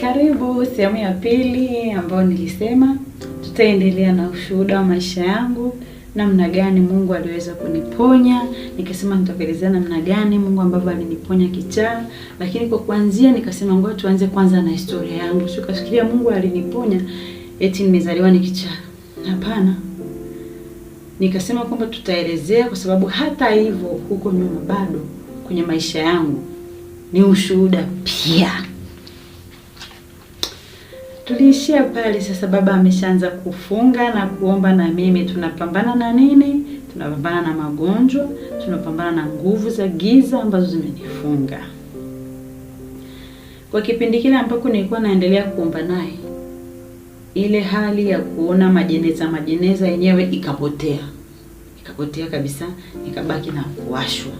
Karibu sehemu ya pili ambayo nilisema tutaendelea na ushuhuda wa maisha yangu, namna gani Mungu aliweza kuniponya. Nikasema nitakuelezea namna gani Mungu ambavyo aliniponya kichaa, lakini kwa kuanzia nikasema ngoja tuanze kwanza na historia yangu. kafikiria Mungu aliniponya eti nimezaliwa ni kichaa, hapana. Nikasema kwamba tutaelezea kwa sababu hata hivyo huko nyuma bado kwenye maisha yangu ni ushuhuda pia. Tuliishia pale. Sasa baba ameshaanza kufunga na kuomba, na mimi tunapambana na nini? Tunapambana na magonjwa, tunapambana na nguvu za giza ambazo zimenifunga. Kwa kipindi kile ambako nilikuwa naendelea kuomba naye, ile hali ya kuona majeneza majeneza yenyewe ikapotea, ikapotea kabisa, nikabaki na kuwashwa.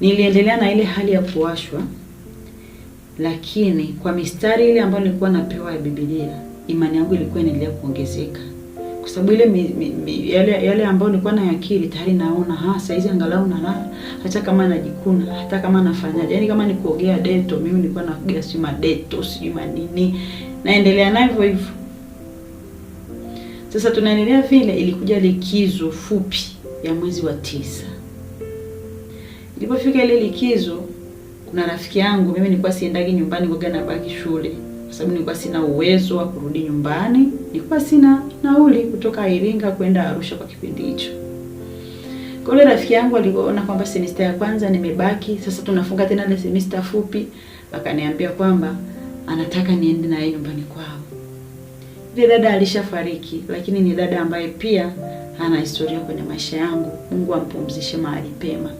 Niliendelea na ile hali ya kuwashwa lakini kwa mistari ile ambayo nilikuwa napewa ya Biblia, imani yangu ilikuwa inaendelea kuongezeka kwa sababu ile mi, mi, mi, yale, yale ambayo nilikuwa na akili tayari naona ha ah, hizi angalau nalala, hata kama najikuna, hata kama nafanyaje, yani kama ni kuogea deto, mimi nilikuwa naogea si madeto si manini, naendelea navyo hivyo. Sasa tunaendelea vile. Ilikuja likizo fupi ya mwezi wa tisa. Ilipofika ile likizo kuna rafiki yangu mimi nilikuwa siendagi nyumbani kwa gana baki shule kwa sababu nilikuwa sina uwezo wa kurudi nyumbani, nilikuwa sina nauli kutoka Iringa kwenda Arusha kwa kipindi hicho. Kwa hiyo rafiki yangu aliona kwamba semester ya kwanza nimebaki, sasa tunafunga tena ile semester fupi, akaniambia kwamba anataka niende naye nyumbani kwao. Ile dada alishafariki, lakini ni dada ambaye pia ana historia kwenye maisha yangu. Mungu ampumzishe mahali pema.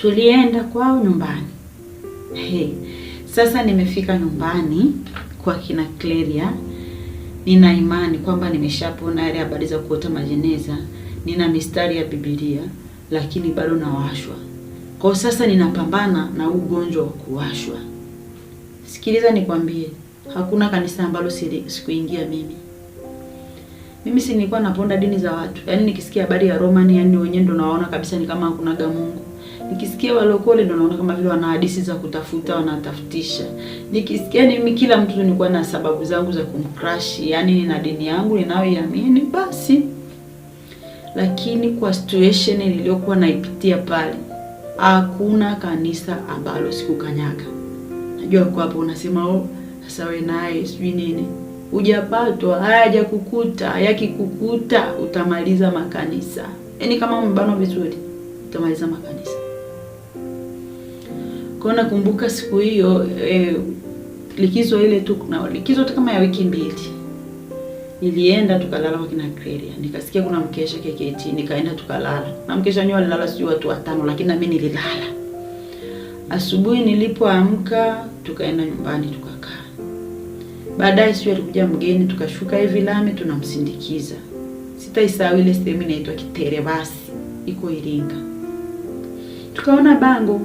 Tulienda kwao nyumbani. Hey, sasa nimefika nyumbani kwa kina Claria. Nina imani kwamba nimeshapona ile habari za kuota majeneza, nina mistari ya Biblia, lakini bado nawashwa. Kwa sasa ninapambana na ugonjwa wa kuwashwa. Sikiliza nikwambie, hakuna kanisa ambalo sikuingia mimi. Mimi si nilikuwa naponda dini za watu, yaani nikisikia habari ya Romani, yaani wenyewe ndo naona kabisa ni kama hakuna Mungu Nikisikia walokole ndo naona kama vile wana hadithi za kutafuta, wanatafutisha. Nikisikia ni mimi, kila mtu nilikuwa na sababu zangu za kumcrush, yani nina dini yangu ninayoiamini basi. Lakini kwa situation niliyokuwa naipitia pale, hakuna kanisa ambalo sikukanyaga. Najua kwa hapo unasema oh, sasa wewe naye sijui nini. Hujapatwa, haya hajakukuta, yakikukuta utamaliza makanisa. Yaani kama mbanwa vizuri, utamaliza makanisa. Kwa nakumbuka siku hiyo eh, likizo ile tu na likizo hata kama ya wiki mbili nilienda tukalala wakina Clelia, nikasikia kuna mkesha KKT, nikaenda tukalala na mkesha nyo. Alilala sijui watu watano, lakini nami nililala. Asubuhi nilipoamka tukaenda nyumbani tukakaa. Baadaye sijui alikuja mgeni, tukashuka hivi lami tunamsindikiza. Sitaisahau ile sehemu inaitwa Kiterebasi, iko Iringa. Tukaona bango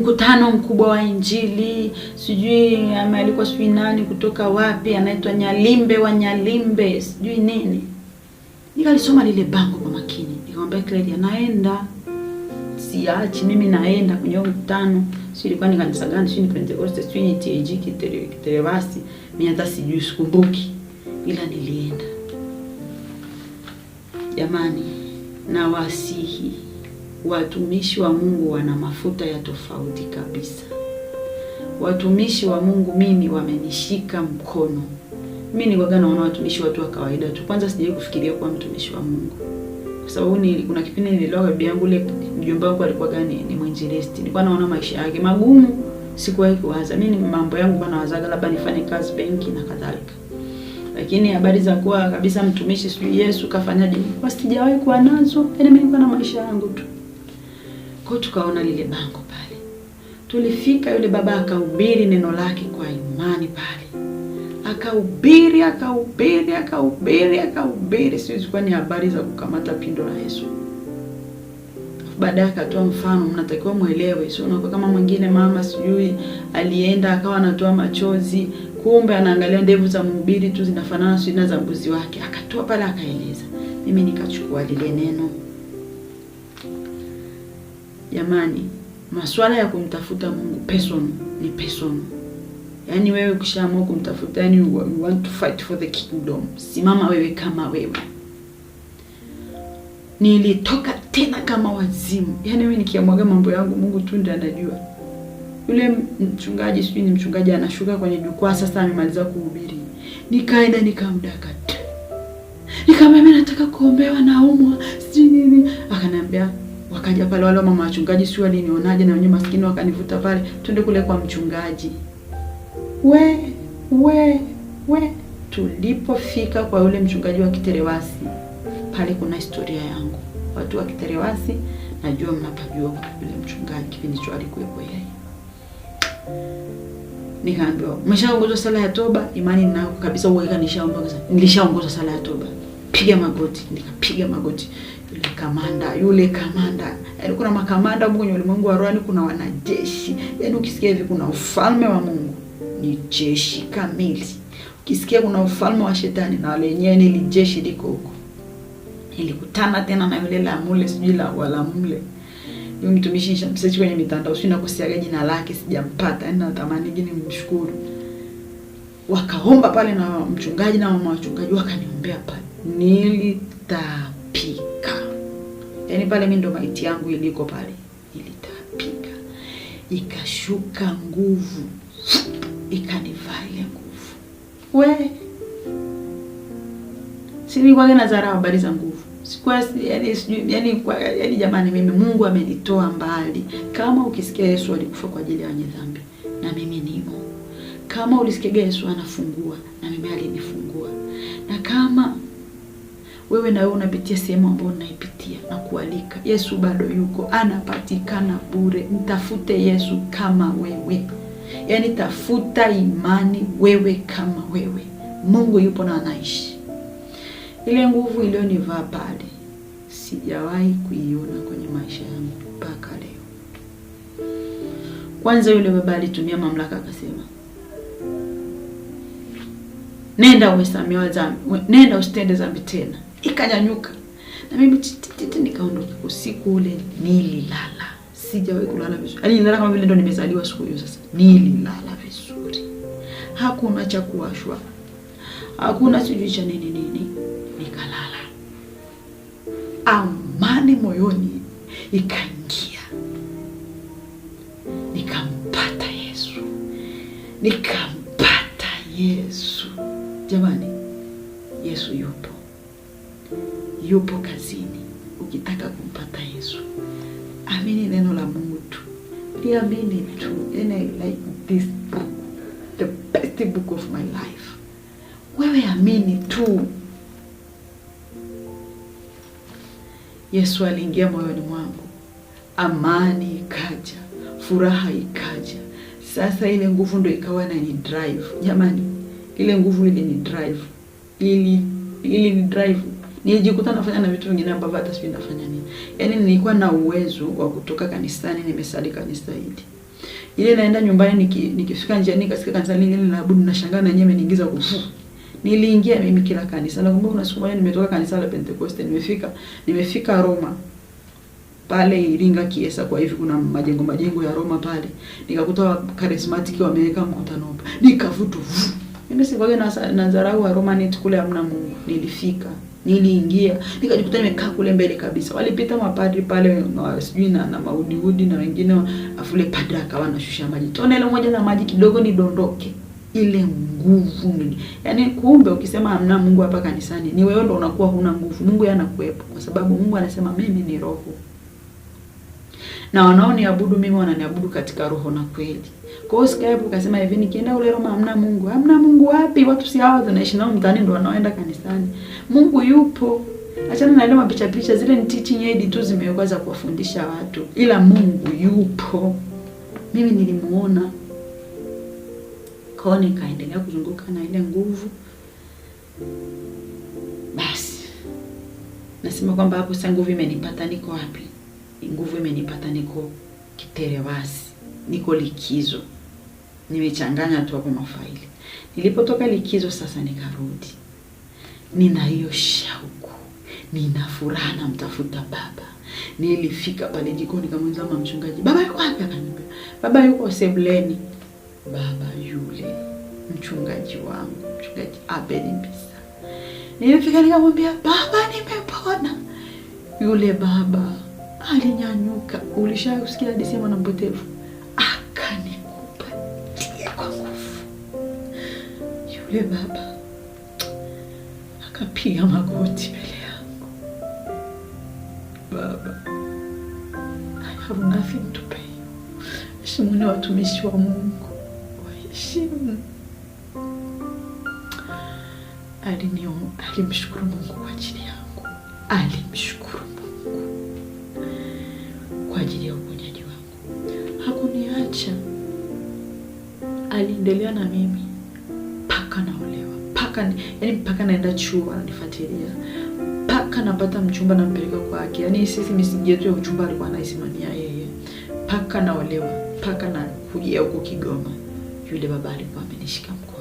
mkutano mkubwa wa Injili, sijui amealikwa, sijui nani kutoka wapi, anaitwa Nyalimbe wa Nyalimbe sijui nini. Nikalisoma lile bango kwa makini, nikamwambia Claudia, naenda siachi mimi, naenda kwenye mkutano. Sio ilikuwa ni kanisa gani, sio ni Pentecoste, sio ni TAG Kiterevasi, mimi hata sijui, sikumbuki, ila nilienda. Jamani, nawasihi watumishi wa Mungu wana mafuta ya tofauti kabisa. Watumishi wa Mungu mimi wamenishika mkono. Mimi ni kwaga naona watumishi watu wa kawaida tu, kwanza sijawahi kufikiria kuwa mtumishi wa Mungu kwa sababu ni kuna kipindi nililoa bibi yangu ile mjomba wangu alikuwa gani ni mwinjilisti, nilikuwa naona maisha yake magumu, sikuwahi kuwaza mimi mambo yangu bwana wazaga labda nifanye kazi benki na kadhalika, lakini habari za kuwa kabisa mtumishi sijui Yesu kafanyaje, kwa sijawahi kuwa nazo, yaani mimi nilikuwa na maisha yangu tu. Kwa tukaona lile bango pale, tulifika, yule baba akahubiri neno lake kwa imani pale, akahubiri akahubiri akahubiri akahubiri, sio zilikuwa ni habari za kukamata pindo la Yesu. Baadaye akatoa mfano, mnatakiwa mwelewe, sio unakuwa kama mwingine mama sijui alienda akawa anatoa machozi, kumbe anaangalia ndevu za mhubiri tu zinafanana sio na za mbuzi wake. Akatoa pale akaeleza, mimi nikachukua lile neno Jamani, masuala ya kumtafuta Mungu person ni person. Yaani wewe ukishaamua kumtafuta, yani you want to fight for the kingdom, simama wewe kama wewe. Nilitoka tena kama wazimu, yaani wewe nikiamwaga mambo yangu Mungu tu ndiye anajua. Yule mchungaji sijui ni mchungaji, anashuka kwenye jukwaa, sasa amemaliza kuhubiri, nikaenda nikamdaka tu, nikamwambia nataka kuombewa, naumwa sijui nini, akaniambia wakaja pale wale mama wachungaji, si walinionaje na wenyewe maskini, wakanivuta pale, twende kule kwa mchungaji. We we we, tulipofika kwa yule mchungaji wa Kiterewasi pale, kuna historia yangu. Watu wa Kiterewasi najua mnapajua kwa yule mchungaji, kipindi cho alikuwepo yeye. Nikaambiwa, umeshaongozwa sala ya toba, imani ninayo kabisa, uweka nishaongoza, nilishaongoza sala ya toba nikapiga magoti, nikapiga magoti. Yule kamanda yule kamanda, yaani kuna makamanda huko kwenye ulimwengu wa roho, kuna wanajeshi. Yaani ukisikia hivi, kuna ufalme wa Mungu ni jeshi kamili. Ukisikia kuna ufalme wa shetani, na wale wenyewe ni jeshi liko huko. Nilikutana tena na yule la mule sijui la wala mule yule mtumishi, nishamsearch kwenye mitandao, sio nakusiaga jina lake, sijampata. yani, natamani gini mshukuru. Wakaomba pale na mchungaji na mama wachungaji wakaniombea pale nilitapika. Yaani pale mimi ndo maiti yangu iliko pale, ilitapika, ikashuka nguvu, ikanivaa ile nguvu. We silikuwage na dharau habari za nguvu sikuwa yani, yani, kwa, yani jamani, mimi Mungu amenitoa mbali. Kama ukisikia Yesu alikufa kwa ajili ya wenye dhambi, na mimi nimo. Kama ulisikia Yesu anafungua, na mimi alinifungua, na kama wewe na wewe unapitia sehemu ambayo unaipitia, na kualika Yesu bado yuko anapatikana bure. Mtafute Yesu kama wewe, yaani tafuta imani wewe kama wewe. Mungu yupo na anaishi. Ile nguvu iliyonivaa pale sijawahi kuiona kwenye maisha yangu mpaka leo. Kwanza yule baba alitumia mamlaka akasema, nenda umesamewa dhambi, nenda usitende dhambi tena ikanyanyuka na mimi tititi, nikaondoka. Usiku ule nililala, sijawahi kulala vizuri, yaani nilala kama vile ndo nimezaliwa siku hiyo. Sasa nililala vizuri, hakuna cha kuwashwa, hakuna sijui cha nini nini, nikalala amani moyoni ikaingia, nikampata Yesu, nikampata Yesu. Jamani, Yesu yupo yupo kazini. Ukitaka kumpata Yesu, amini neno la Mungu tu, liamini tu. Yani like this book, the best book of my life. Wewe amini tu. Yesu aliingia moyoni mwangu, amani ikaja, furaha ikaja. Sasa ile nguvu ndo ikawa na ni drive. Jamani, ile nguvu ili ni drive, ili ili ni drive nilijikuta nafanya na vitu vingine ambavyo hata sijui nafanya nini. Yaani nilikuwa na uwezo wa kutoka kanisani, nimesali kanisa hili. Ile naenda nyumbani niki, nikifika njiani nikasikia kanisa lingine linaabudu na shangaa na yeye ameniingiza kufu. Niliingia mimi kila kanisa. Nakumbuka kuna siku moja nimetoka kanisa la Pentecoste nimefika nimefika Roma pale Iringa Kiesa, kwa hivi kuna majengo majengo ya Roma pale, nikakuta charismatic wameweka mkutano hapo, nikavutu mimi sikwaje na na dharau wa Roma, ni kule hamna Mungu. Nilifika Niliingia nikajikuta nimekaa kule mbele kabisa, walipita mapadri pale sijui na, na maudiudi na wengine, afule padri akawa anashusha maji tone ile moja na maji kidogo nidondoke, ile nguvu mimi. Yani kumbe ukisema hamna Mungu hapa kanisani, ni wewe ndo unakuwa huna nguvu. Mungu yeye anakuwepo, kwa sababu Mungu anasema mimi ni roho, na wanaoniabudu mimi wananiabudu katika roho na kweli. Kwa hiyo sikaepo kasema hivi nikienda ule Roma hamna Mungu. Hamna Mungu wapi? Watu si hao tunaishi nao mtaani ndio wanaoenda kanisani. Mungu yupo. Achana na ile mapicha picha zile ni teaching aid tu zimewekwa za kuwafundisha watu. Ila Mungu yupo. Mimi nilimuona. Kwa kaendelea kuzunguka na ile nguvu. Basi. Nasema kwamba hapo sasa nguvu imenipata niko wapi? Nguvu imenipata niko Kiterewasi, niko likizo nimechanganya tu hapo mafaili. Nilipotoka likizo sasa nikarudi, nina hiyo shauku, nina furaha, namtafuta baba. Nilifika pale jikoni, kamuuliza mama mchungaji, baba yuko wapi? Akaniambia baba yuko sebuleni. Baba yule mchungaji wangu, mchungaji Abeni Mpisa. Nilifika nikamwambia baba, nimepona. Yule baba alinyanyuka. Ulishakusikia hadithi ya mwana mpotevu? Yule baba akapiga magoti mbele yangu, Baba, I have nothing to pay you. na watumishi wa Mungu, waheshimu. Alimshukuru Mungu kwa ajili yangu, alimshukuru Mungu kwa ajili ya uponyaji wangu. Hakuniacha, aliendelea na mimi mpaka naolewa, mpaka yani, mpaka naenda chuo ananifuatilia, mpaka napata mchumba nampeleka kwake. Yani sisi misingi yetu ya uchumba alikuwa anaisimamia yeye, mpaka naolewa, mpaka nakujia huko Kigoma, yule baba alikuwa amenishika